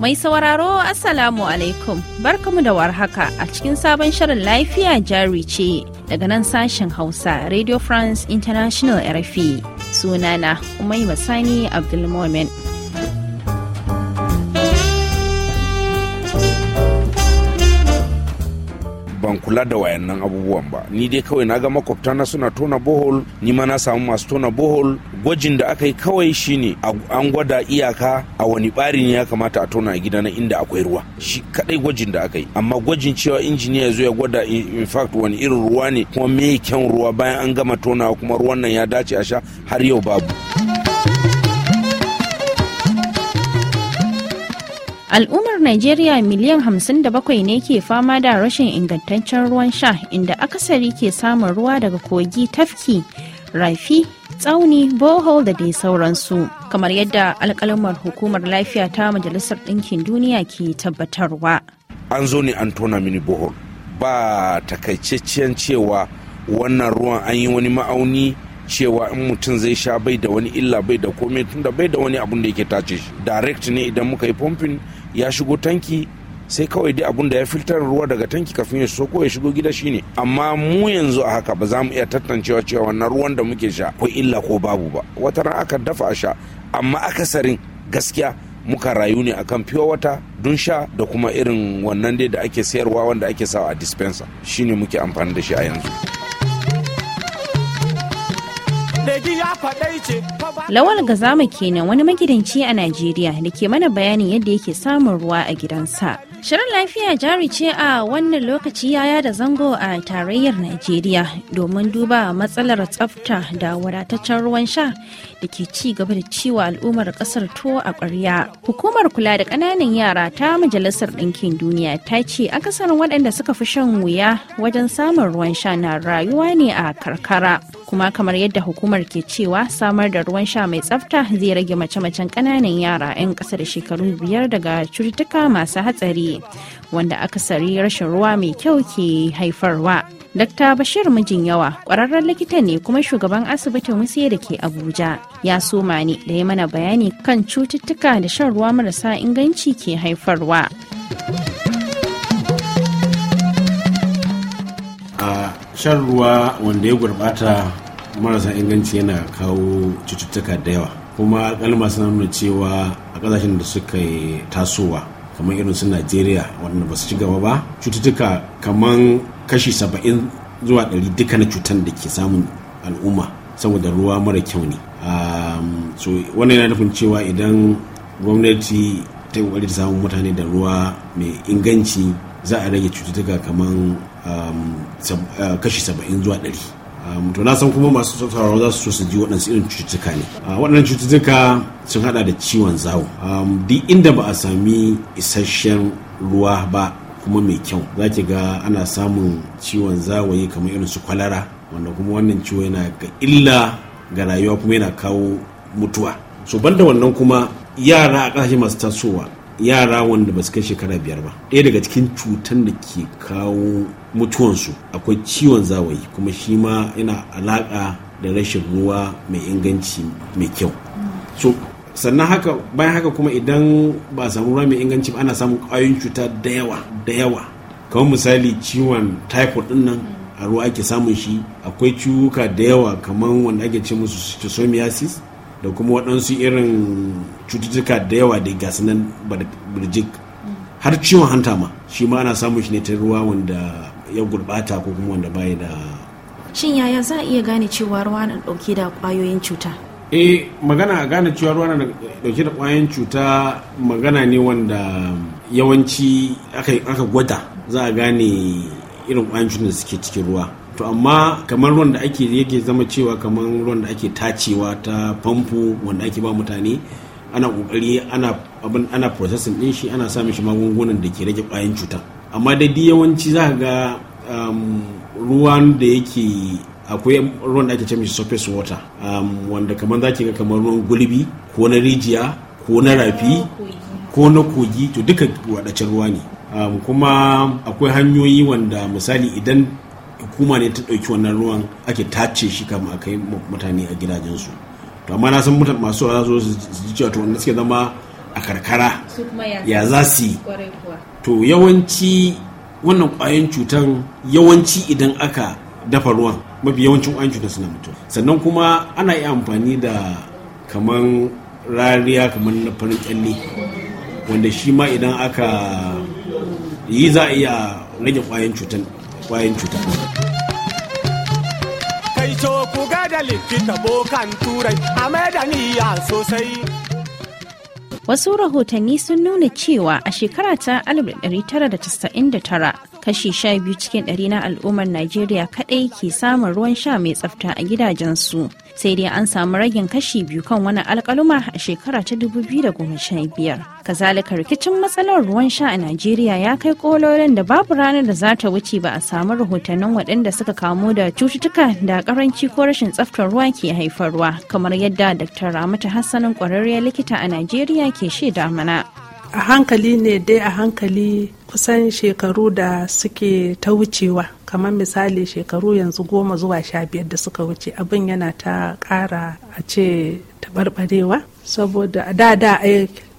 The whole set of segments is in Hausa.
Mai sauraro Assalamu alaikum mu da warhaka a cikin sabon shirin lafiya jari ce daga nan sashen Hausa Radio France International RFI sunana Umaima Sani Abdulmomin. ban kula da wayannan abubuwan ba ni dai kawai na ga makwabta na suna tona bohol ni ma na samu masu tona bohol gwajin da aka yi kawai shine an gwada iyaka a wani bari ne ya kamata a tona a gida na inda akwai ruwa shi kadai gwajin da aka yi amma gwajin cewa injiniya ya zo ya gwada in fact wani irin ruwa ne kuma me kyan ruwa bayan an gama tonawa kuma ruwan nan ya dace a sha har yau babu. al'ummar Najeriya miliyan 57 ne ke fama da rashin ingantaccen ruwan sha inda akasari ke samun ruwa daga kogi tafki rafi tsauni bohol da dai sauransu kamar yadda alkalamar hukumar lafiya ta majalisar ɗinkin duniya ke tabbatarwa an zo ne an tona mini bohol ba takaitaccen cewa wannan ruwan an yi wani ma'auni cewa in mutum zai sha bai da wani illa bai da komai tunda bai da wani abun da yake tace shi direct ne idan muka yi pumping ya shigo tanki sai kawai dai abun da ya filtar ruwa daga tanki kafin ya so ko ya shigo gida shine amma mu yanzu a haka ba za mu iya tantancewa cewa wannan ruwan da muke sha ko illa ko babu ba wata ran aka dafa a sha amma akasarin gaskiya muka rayu ne akan fiyo wata dun sha da kuma irin wannan dai da ake sayarwa wanda ake sawa a dispenser shine muke amfani da shi a yanzu. Lawal Gazama kenan wani magidanci a Najeriya da ke mana bayanin yadda yake samun ruwa a gidansa. Shirin lafiya jari ce a wannan lokaci yaya da zango a tarayyar Najeriya domin duba matsalar tsafta da wadataccen ruwan sha da ke ci gaba da ciwa al'ummar kasar tuwo a ƙwarya. Hukumar kula da ƙananan yara ta Majalisar Ɗinkin Duniya ta ce akasarin waɗanda suka fi shan wuya wajen samun ruwan sha na rayuwa ne a karkara. kuma kamar yadda hukumar ke cewa samar da ruwan sha mai tsafta zai rage mace-macen kananan yara 'yan kasa da shekaru biyar daga cututtuka masu hatsari wanda aka akasari rashin ruwa mai kyau ke haifarwa. Dr. Bashir mijin yawa ƙwararren likita ne kuma shugaban asibitin wuse da ke Abuja ya soma ne da ya mana bayani kan cututtuka da shan ruwa marasa inganci ke haifarwa. shan ruwa wanda ya gurbata marasa inganci yana kawo cututtuka da yawa kuma kalma suna nuna cewa a kasashen da suka yi tasowa kamar irin su najeriya wanda ba su ci gaba ba cututtuka kamar kashi saba'in zuwa ɗari duka na cutan da ke samun al'umma saboda ruwa mara kyau ne so wannan yana nufin cewa idan gwamnati ta yi ta samun mutane da ruwa mai inganci za a rage cututtuka kamar um, uh, kashi saba'in zuwa ɗari um, to na san kuma masu sauraron za su so su ji waɗansu irin cututtuka ne uh, waɗannan cututtuka sun hada da ciwon zawo um, duk inda ba a sami isasshen ruwa ba kuma mai kyau za ki ga ana samun ciwon zawayi kamar irin su kwalara wanda kuma wannan ciwo yana ga illa ga rayuwa kuma yana kawo mutuwa so banda wannan kuma yara a ƙasashe masu tasowa yara wanda ba su kai shekara biyar ba ɗaya daga cikin cutan da ke kawo mutuwansu akwai ciwon zawayi kuma shi ma yana alaƙa da rashin ruwa mai inganci mai kyau so sannan haka bayan haka kuma idan ba a samu ruwa mai inganci ba ana samun ƙwayoyin cuta da yawa da yawa kamar misali ciwon typhoid din nan a ruwa ake samun shi akwai ciwuka da yawa kamar wanda ake ce musu schistosomiasis da kuma waɗansu irin cututtuka da yawa da gasu nan birjik har ciwon hanta ma shi ma ana samun shi ne ta ruwa wanda ya gurɓata ko kuma wanda baya da shin yaya za a iya gane cewa ruwa na ɗauke da ƙwayoyin cuta eh magana a gane cewa ruwa na ɗauke da ƙwayoyin cuta magana ne wanda yawanci aka gwada za a gane irin ƙwayoyin cuta da suke cikin ruwa to amma kamar ruwan da ake yake zama cewa kamar ruwan da ake tacewa ta famfo wanda ake ba mutane ana kokari ana ana processing din shi ana sa mishi magungunan da ke rage kwayan cuta amma dai yawanci za ga um, ruwan da yake akwai ruwan da ake ce mishi surface water um, wanda kamar za ki ga kamar ruwan gulbi ko na rijiya ko na rafi ko na kogi to duka wadace ruwa ne um, kuma akwai hanyoyi wanda misali idan hukuma ne ta ɗauki wannan ruwan ake tace shi kama a kai mutane a gidajensu to amma na san mutan masu za su ji cewa wanda suke zama a karkara ya za su yi to yawanci wannan ƙwayan cutan yawanci idan aka dafa ruwan mafi yawancin ƙwayan cutan suna mutu sannan kuma ana yi amfani da kaman rariya kamar na farin kyalle wanda shi ma idan aka yi za a iya rage ƙwayan cutan kwayan cuta. Kai to ku ga da likita bokan turai a mai sosai. wasu rahotanni sun nuna cewa a shekara ta 1999 kashi sha biyu cikin ɗari na al'ummar najeriya kaɗai ke samun ruwan sha mai tsafta a gidajensu sai dai an samu ragin kashi biyu kan wani alkaluma a shekara ta dubu biyu da goma sha biyar. kazalika rikicin matsalar ruwan sha a najeriya ya kai kololin da babu ranar da za ta wuce ba a samu rahotannin waɗanda suka kamu da cututtuka da karanci ko rashin tsaftar ruwa ke haifarwa kamar yadda dr ramatu hassanin ƙwararriyar likita a najeriya ke shaida mana a hankali ne dai a hankali kusan shekaru da suke ta wucewa kamar misali shekaru yanzu goma zuwa sha biyar da suka wuce abin yana ta ƙara a ce taɓarɓarewa saboda da da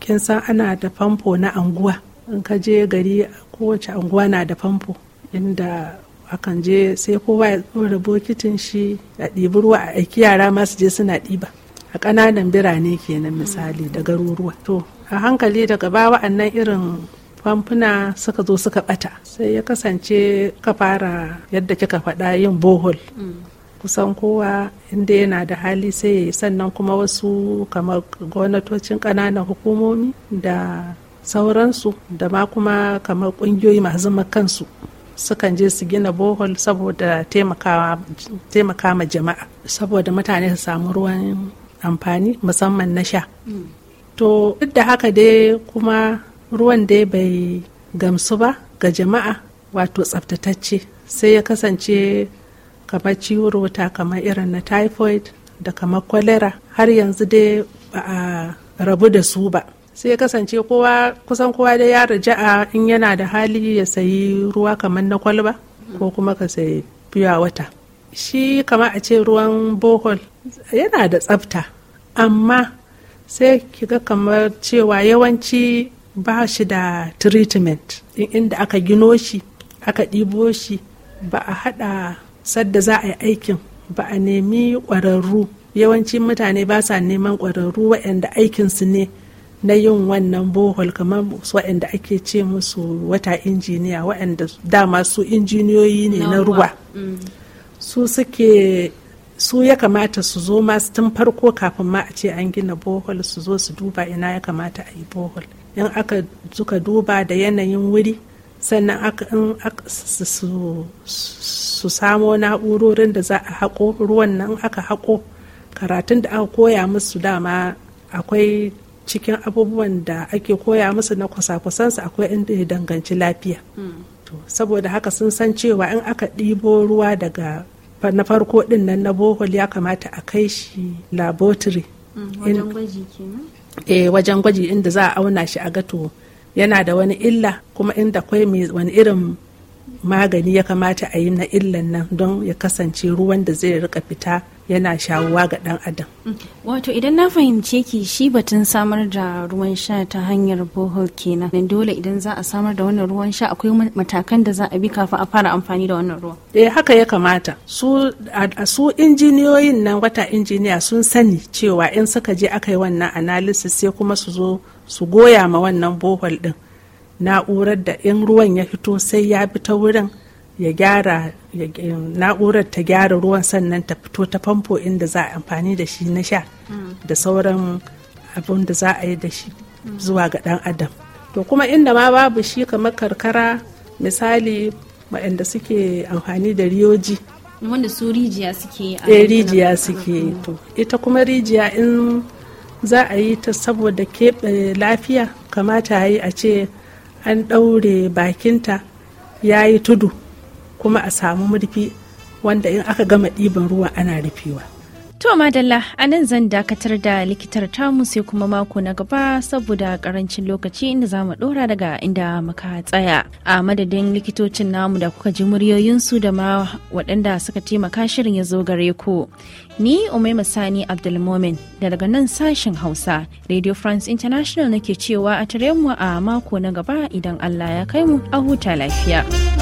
kin san ana da famfo na anguwa in ka je gari kowace anguwa na da famfo inda akan je sai kowa ya tsora bokitin shi a ɗibi ruwa a aiki yara masu je suna ɗiba a ƙananan birane kenan misali da garuruwa to a hankali daga ba wa'annan irin famfuna suka zo suka bata sai ya kasance ka fara yadda kika faɗa yin bohol kusan kowa inda yana da hali sai ya sannan kuma wasu kamar gwamnatocin ƙananan hukumomi da sauransu da ma kuma kamar ƙungiyoyi masu kansu sukan je su gina bohol saboda taimaka ma jama'a saboda mutane su samu ruwan amfani musamman na sha to duk da haka dai kuma ruwan dai bai gamsu ba ga jama'a wato tsaftatacce sai ya kasance kamar ciwon wuta kamar irin na typhoid da kamar cholera har yanzu dai ba a rabu da su ba sai ya kasance kowa kusan kowa da ya a in yana da hali ya sayi ruwa kamar na kwalba ko kuma ka sayi a wata shi kamar a ce ruwan bohol yana da tsafta amma sai kiga kamar cewa yawanci ba shi da treatment inda aka gino shi aka ɗibo shi ba a haɗa sadda za a yi aikin ba a nemi ƙwararru yawanci mutane ba sa neman ƙwararru waɗanda aikinsu ne na yin wannan bohol kamar waɗanda ake ce musu wata injiniya waɗanda dama su injiniyoyi ne na ruwa mm. su suke su ya kamata su zo masu tun farko kafin ma a ce an gina bohol su zo su duba ina ya kamata a yi bohol in aka suka duba da yanayin wuri sannan in su samo na'urorin da za a haƙo ruwan nan aka haƙo karatun da aka koya musu dama akwai cikin abubuwan da ake koya musu na kusa su akwai inda ya danganci lafiya hmm. saboda haka sun san cewa in aka ɗibo ruwa daga na farko din nan na bohol ya kamata a kai shi laboratory mm, wajen gwaji kenan eh wajen gwaji inda za a auna shi a gato yana da wani illa kuma inda kwai mai wani irin magani ya kamata a yi na illan nan don ya kasance ruwan da zai rika fita yana shawuwa ga dan adam wato idan na fahimce ki shi batun samar da ruwan sha ta hanyar bohol kenan dole idan za a samar da wannan ruwan sha akwai matakan da za a bi kafin a fara amfani da wannan ruwan eh haka ya kamata su a su injiniyoyin nan wata injiniya sun sani cewa in suka je aka yi wannan analysis sai kuma su zo su goya ma wannan bohol din na'urar da in ruwan ya fito sai ya bi ta wurin ya gyara na'urar ta gyara ruwan sannan ta fito ta famfo inda za a amfani da shi na sha mm. da sauran abin da za a yi da shi mm. zuwa ga dan adam to kuma inda ma babu shi kamar karkara misali waɗanda suke amfani da riyoji wanda su rijiya suke a eh, rijiya suke to mm. ita kuma rijiya in za a yi ta saboda keɓe lafiya kamata a yi a ce an ɗaure bakinta ya yi tudu kuma a samu murfi wanda in aka gama ɗiban ruwa ana rufewa. To Madalla, a nan zan dakatar da likitar tamu sai kuma mako na gaba saboda karancin lokaci inda za mu ɗora daga inda muka tsaya. A madadin likitocin namu da kuka ji muryoyinsu da ma waɗanda suka taimaka shirin ya zo gare ku. Ni Umaima Sani Abdulmomin da daga nan sashen Hausa, Radio France International nake cewa a tare mu a mako na gaba idan Allah ya kai mu a huta lafiya.